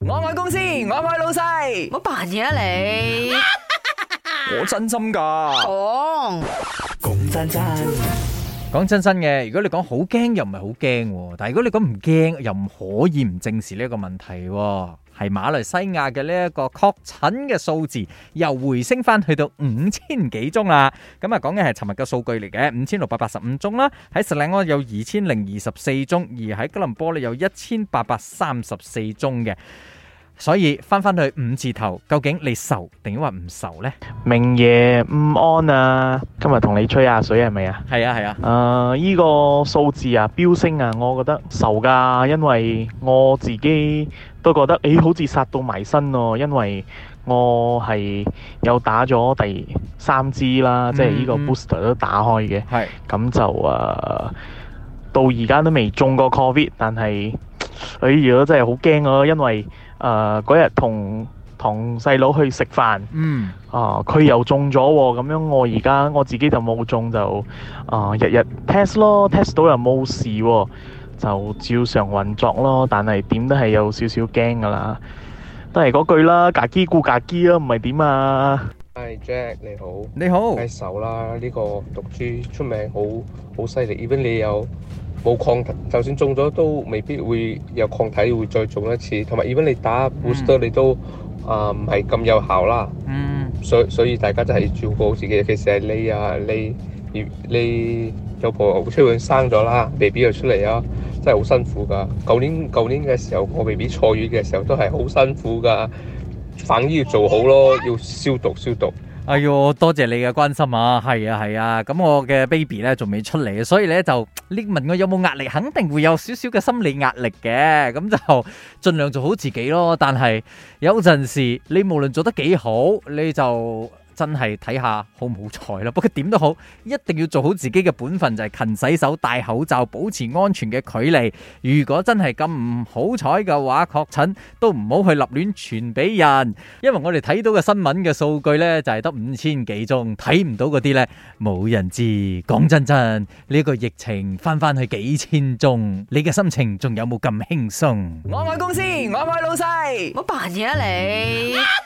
我愛公司，我愛老細，我扮嘢啊！你 我真心噶講講真真講 真真嘅。如果你講好驚又唔係好驚，但係如果你講唔驚又唔可以唔正視呢一個問題。係馬來西亞嘅呢一個確診嘅數字又回升翻去到五千幾宗啦，咁啊講緊係尋日嘅數據嚟嘅，五千六百八十五宗啦，喺實叻安有二千零二十四宗，而喺吉隆坡呢有一千八百三十四宗嘅。所以返返去五字頭，究竟你愁定話唔愁呢？明夜午、嗯、安啊！今日同你吹下水係咪啊？係啊係啊。誒、呃、依、這個數字啊，飆升啊，我覺得愁噶，因為我自己都覺得，誒，好似殺到埋身哦、啊。因為我係有打咗第三支啦，嗯、即係呢個 booster、嗯、都打開嘅。係是。咁就誒、呃，到而家都未中過 COVID，但係。哎，如果真係好驚啊！因為誒嗰日同同細佬去食飯，啊、呃、佢又中咗咁樣我，我而家我自己就冇中就啊日日 test 咯，test 到又冇事，就照常運作咯。但係點都係有少少驚噶啦，都係嗰句啦，格幾固格幾啊，唔係點啊！Hi Jack，你好。你好。一手啦，呢、這個毒株出名好好犀利。Even 你有冇抗體，就算中咗都未必會有抗體會再中一次。同埋，Even 你打 booster、嗯、你都啊唔係咁有效啦。嗯。所所以，所以大家都係照顧好自己。其實係你啊，你你，你，你，你有婆婆出去生咗啦，BB 又出嚟啊，真係好辛苦噶。舊年舊年嘅時候，我 BB 坐月嘅時候都係好辛苦噶。反而要做好咯，要消毒消毒。哎喲，多謝你嘅關心啊！係啊係啊，咁、啊、我嘅 baby 咧仲未出嚟，所以咧就你問我有冇壓力，肯定會有少少嘅心理壓力嘅，咁就盡 量做好自己咯。但係有陣時你無論做得幾好，你就。真係睇下好唔好彩啦，不過點都好，一定要做好自己嘅本分，就係、是、勤洗手、戴口罩、保持安全嘅距離。如果真係咁唔好彩嘅話，確診都唔好去立亂傳俾人。因為我哋睇到嘅新聞嘅數據呢，就係得五千幾宗，睇唔到嗰啲呢，冇人知。講真真，呢、這個疫情翻翻去幾千宗，你嘅心情仲有冇咁輕鬆？我愛公司，我愛老細，我扮嘢呀你。啊